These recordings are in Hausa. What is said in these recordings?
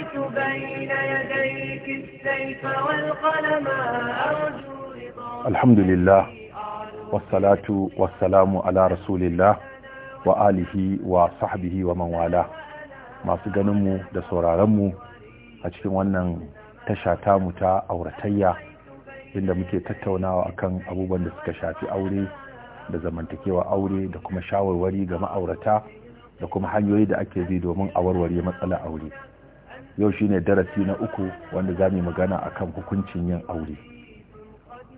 Alhamdu بين يديك السيف والقلم أرجو رضا الحمد لله والصلاة والسلام على رسول الله wa alihi wa sahbihi wa manwala masu ganinmu da sauraronmu a cikin wannan tasha ta auratayya inda muke tattaunawa akan abubuwan da suka shafi aure da zamantakewa aure da kuma shawarwari ga ma'aurata da kuma hanyoyi da ake bi domin a warware matsalar aure yau shine darasi na uku wanda za mu magana akan hukuncin yin aure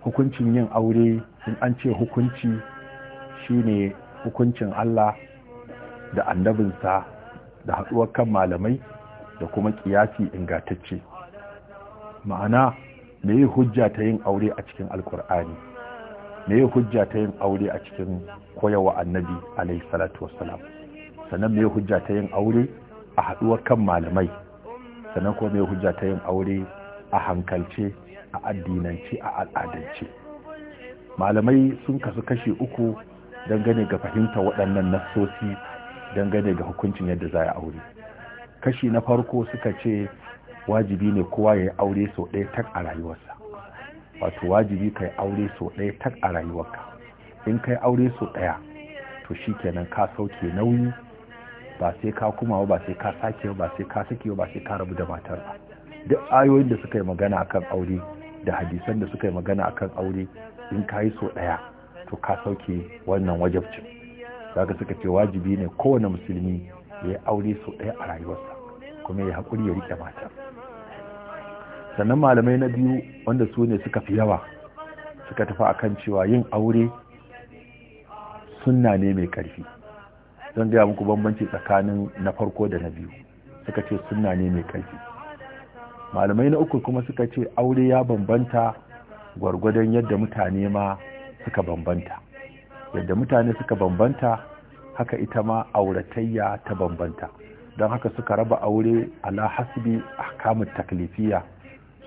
hukuncin yin aure in an ce hukunci shine hukuncin Allah da annabinsa da haɗuwar kan malamai da kuma kiyasi ingatacce ma'ana me yi hujja ta yin aure a cikin alkur'ani me yi hujja ta yin aure a cikin koyawa annabi alaihi salatu wassalam sannan me yi hujja ta yin aure a haɗuwar kan malamai sannan kuma mai hujja ta yin aure a hankalce a addinance a al'adance malamai sun kasu kashi uku dangane ga fahimta waɗannan nassosi dangane ga hukuncin yadda za a aure kashi na farko suka ce wajibi ne kowa ya yi aure sau ɗaya tak a rayuwarsa wato wajibi ka yi aure sau ɗaya tak a rayuwarka in ka yi aure sau ɗaya to shi kenan ka sauke nauyi ba sai ka kuma ba sai ka sakewa ba sai ka sakewa ba sai ka rabu da matar ba duk ayoyin da suka yi magana akan aure da hadisan da suka yi magana akan aure in ka yi so ɗaya to ka sauke wannan wajabcin zaka suka ce wajibi ne kowane musulmi ya yi aure so ɗaya a rayuwarsa kuma ya haƙuri ya riƙe mata sannan malamai na biyu wanda su ne suka fi yawa suka tafi akan cewa yin aure sunna ne mai ƙarfi zan gaya muku bambanci tsakanin na farko da na biyu suka ce sunna ne mai ƙarfi malamai na uku kuma suka ce aure ya bambanta gwargwadon yadda mutane ma suka bambanta yadda mutane suka bambanta haka ita ma auratayya ta bambanta don haka suka raba aure ala hasbi ahkamut taklifiya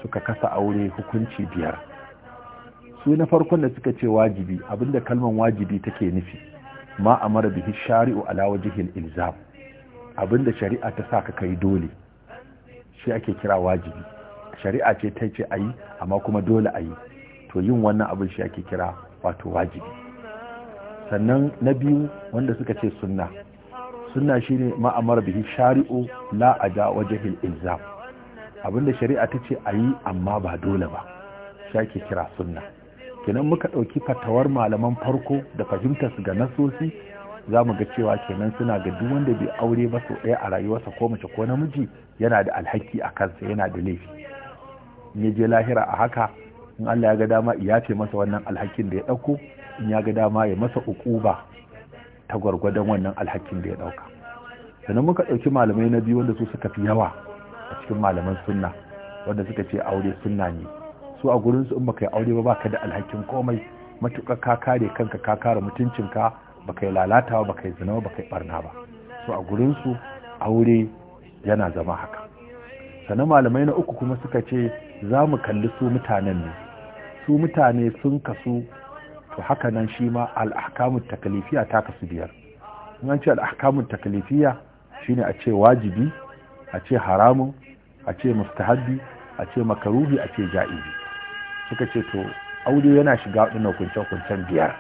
suka kasa aure hukunci biyar su na farkon da suka ce wajibi abinda kalman wajibi take nufi ma mara bihi shari'u ala wajhil ilzam abinda shari'a ta saka kai dole shi ake kira wajibi shari'a ce ta ce ayi amma kuma dole ayi to yin wannan abin shi ake kira wato wajibi sannan na biyu wanda suka ce sunna sunna shine ma amara bihi shari'u la ada wajhil ilzam abinda shari'a ta ce ayi amma ba dole ba shi ake kira sunna kenan muka ɗauki fatawar malaman farko da fahimtar su ga nasosi za mu ga cewa kenan suna ga duk wanda bai aure ba sau ɗaya a rayuwarsa ko mace ko namiji yana da alhaki a kansa yana da laifi in ya je lahira a haka in Allah ya ga dama ya ce masa wannan alhakin da ya ɗauko in ya ga dama ya masa ukuba ta gwargwadon wannan alhakin da ya ɗauka sannan muka ɗauki malamai na biyu wanda su suka fi yawa a cikin malaman sunna wanda suka ce aure sunna ne su a gurinsu in baka yi aure ba baka da alhakin komai matuƙa ka kare kanka ka kare mutuncinka baka yi lalata baka yi zina ba baka yi barna ba su a gurinsu aure yana zama haka sannan malamai na uku kuma suka ce za mu kalli su mutanen ne su mutane sun kasu to haka nan shi ma al'ahkamun takalifiya ta kasu biyar in an ce al'ahkamun takalifiya shine a ce wajibi a ce haramun a ce mustahabbi a ce makaruhi a ce ja'ibi suka ce to aure yana shiga waɗannan kunce-kuncen biyar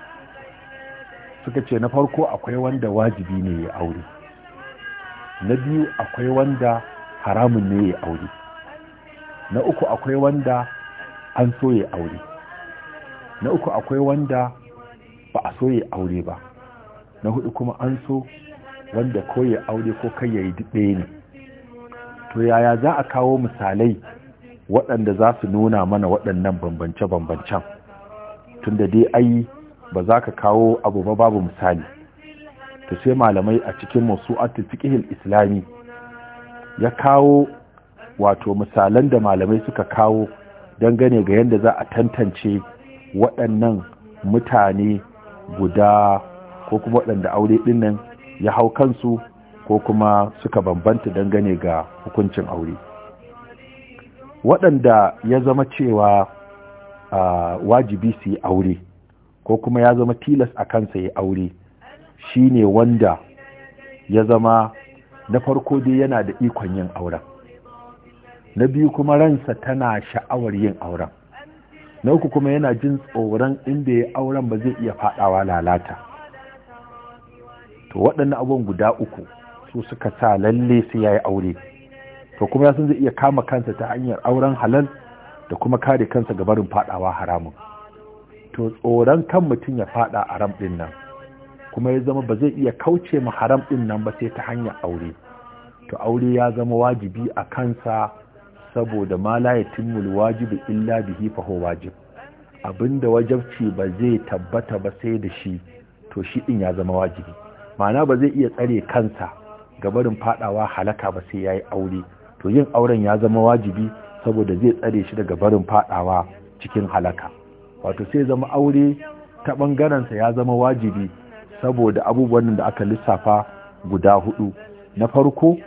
suka ce na farko akwai wanda wajibi ne ya aure na biyu akwai wanda haramun ne ya aure na uku akwai wanda an so ya aure na uku akwai wanda ba a so ya aure ba na hudu kuma an so wanda ko ya aure ko kai ya yi ɗaya ne to yaya za a kawo misalai waɗanda za su nuna mana waɗannan bambance-bambancen tunda dai ai ba za ka kawo abu ba babu misali to sai malamai a cikin masu fiqhil islami ya kawo wato misalan da malamai suka kawo dangane ga yadda za a tantance waɗannan mutane guda ko kuma waɗanda aure ɗinnan ya hau kansu ko kuma suka bambanta dangane ga hukuncin aure waɗanda ya zama cewa wajibi su yi aure ko kuma ya zama tilas a kansa ya aure shi ne wanda ya zama na farko dai yana da ikon yin auren na biyu kuma ransa tana sha'awar yin auren na uku kuma yana jin tsoron inda ya auren ba zai iya fadawa lalata to waɗannan abubuwan guda uku su suka sa lalle sai ya yi aure to kuma ya san zai iya kama kansa ta hanyar auren halal da kuma kare kansa ga barin fadawa haramun to tsoron kan mutum ya fada a ram din nan kuma ya zama ba zai iya kauce ma haram din nan ba sai ta hanyar aure to aure ya zama wajibi a kansa saboda ma la yatimul wajibu illa bihi fa huwa wajib abinda wajabci ba zai tabbata ba sai da shi to shi din ya zama wajibi ma'ana ba zai iya tsare kansa ga barin fadawa halaka ba sai yayi aure to yin auren ya zama wajibi saboda zai tsare shi daga barin fadawa cikin halaka wato sai zama aure ta ɓangarensa ya zama wajibi saboda abubuwan da aka lissafa guda hudu na farko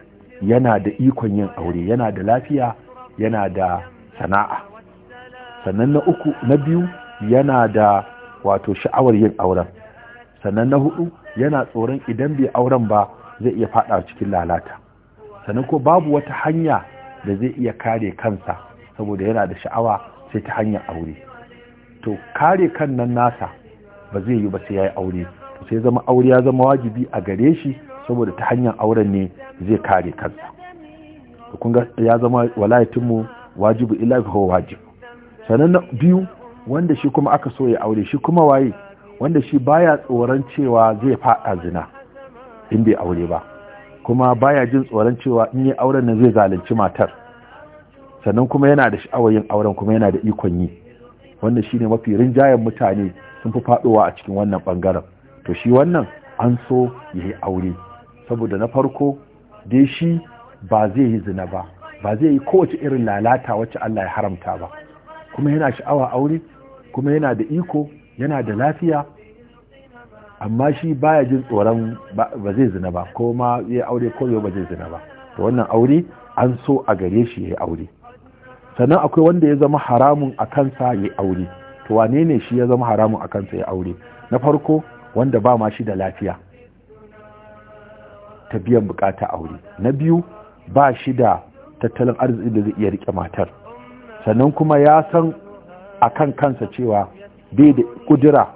yana da ikon yin aure yana da lafiya yana da sana'a sannan na uku na biyu yana da wato sha'awar yin auren sannan na hudu yana tsoron idan bai auren ba zai iya fada cikin lalata sannan ko babu wata hanya da zai iya kare kansa saboda yana da sha'awa sai ta hanyar aure to kare kan nan nasa ba zai yi ba sai ya yi aure to sai zama aure ya zama wajibi a gare shi saboda ta hanyar auren ne zai kare kansa kun ga ya zama mu wajibu illa ko wajibu sannan na biyu wanda shi kuma aka so ya aure shi kuma waye wanda shi baya tsoron cewa zai faɗa zina in bai aure ba kuma baya jin tsoron cewa in yi auren nan zai zalunci matar sannan kuma yana da sha'awar yin auren kuma yana da ikon yi wannan shine mafi rinjayen mutane sun fi faɗowa a cikin wannan bangaren to shi wannan an so ya yi aure saboda na farko dai shi ba zai yi zina ba ba zai yi kowace irin lalata wacce Allah ya haramta ba kuma yana sha'awa aure kuma yana da iko yana da lafiya amma shi baya jin tsoron ba zai zina ba ko ma ya aure ko yau ba zai zina ba to wannan aure an so a gare shi ya aure sannan akwai wanda ya zama haramun a kansa ya aure to wane ne shi ya zama haramun a kansa ya aure na farko wanda ba ma shi da lafiya ta biyan bukata aure na biyu ba shi da tattalin arziki da zai iya rike matar sannan kuma ya san a kan kansa cewa bai da kudura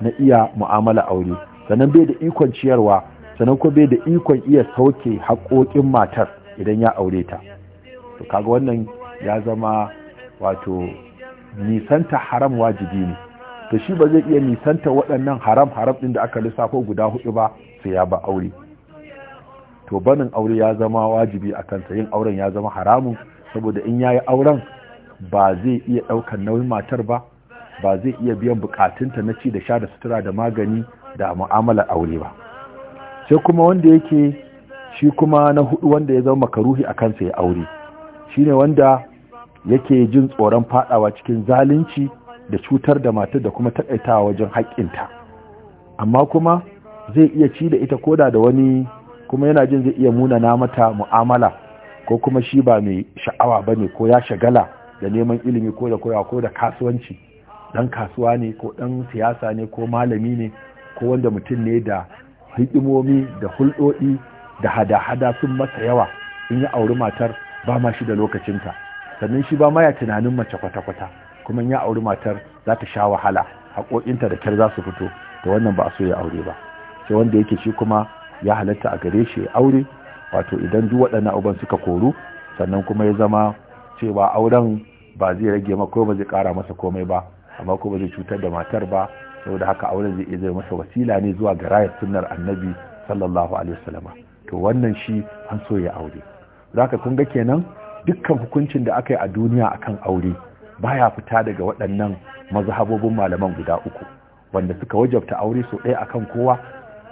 na iya mu'amala aure sannan bai da ikon ciyarwa sannan ko bai da ikon iya sauke haƙoƙin matar idan ya aure ta to kaga wannan ya zama wato nisanta haram wajibi ne to shi ba zai iya nisanta waɗannan haram haram ɗin da aka lissafo guda hudu ba sai ya ba aure to banin aure ya zama wajibi a kansa yin auren ya zama haramun saboda in ya yi auren ba zai iya ɗaukar nauyin matar ba ba zai iya biyan bukatunta na ci da sha da sutura da magani da mu'amalar aure ba sai kuma wanda yake shi kuma na hudu wanda ya zama makaruhi a kansa ya aure shine wanda yake jin tsoron fadawa cikin zalunci da cutar da matar da kuma takaitawa wajen haƙƙinta amma kuma zai iya ci da ita koda da wani kuma yana jin zai iya muna na mata mu'amala ko kuma shi ba mai sha'awa bane ko ya shagala da neman ilimi ko da koyawa ko da kasuwanci ɗan kasuwa ne ko ɗan siyasa ne ko malami ne ko wanda mutum ne da hikimomi da hulɗoɗi da hada-hada sun masa yawa in ya auri matar ba ma shi da lokacinta sannan shi ba ma ya tunanin mace kwata-kwata kuma in ya auri matar za ta sha wahala haƙoƙinta da kyar za su fito da wannan ba a so ya aure ba sai wanda yake shi kuma ya halatta a gare shi ya aure wato idan duk waɗannan uban suka koru sannan kuma ya zama cewa auren ba zai rage mako, ko ba zai ƙara masa komai ba amma kuma zai cutar da matar ba saboda haka aure zai iya zai masa wasila ne zuwa ga rayar sunnar annabi sallallahu alaihi wasallam to wannan shi an so ya aure zaka kun ga kenan dukkan hukuncin da aka yi a duniya akan aure baya fita daga waɗannan mazhabobin malaman guda uku wanda suka wajabta aure so ɗaya akan kowa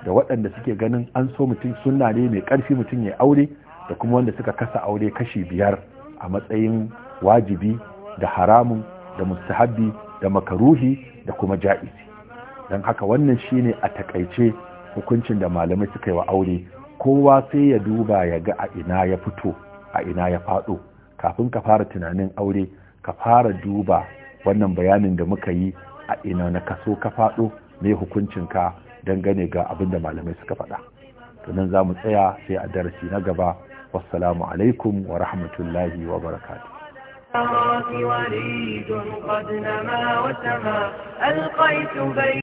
da waɗanda suke ganin an so mutum sunna ne mai ƙarfi mutum ya aure da kuma wanda suka kasa aure kashi biyar a matsayin wajibi da haramun da mustahabbi da makaruhi da kuma ja'izi don haka wannan shine a takaice hukuncin da malamai suka yi wa aure kowa sai ya duba ya ga a ina ya fito a ina ya faɗo kafin ka fara tunanin aure ka fara duba wannan bayanin da muka yi a ina na kaso ka faɗo me hukuncinka gane ga abin da malamai suka faɗa tunan za mu tsaya sai a darasi na gaba wassalamu alaikum wa rahmatullahi wa barakatuh الثرات وليد قد نما وسما ألقيت بين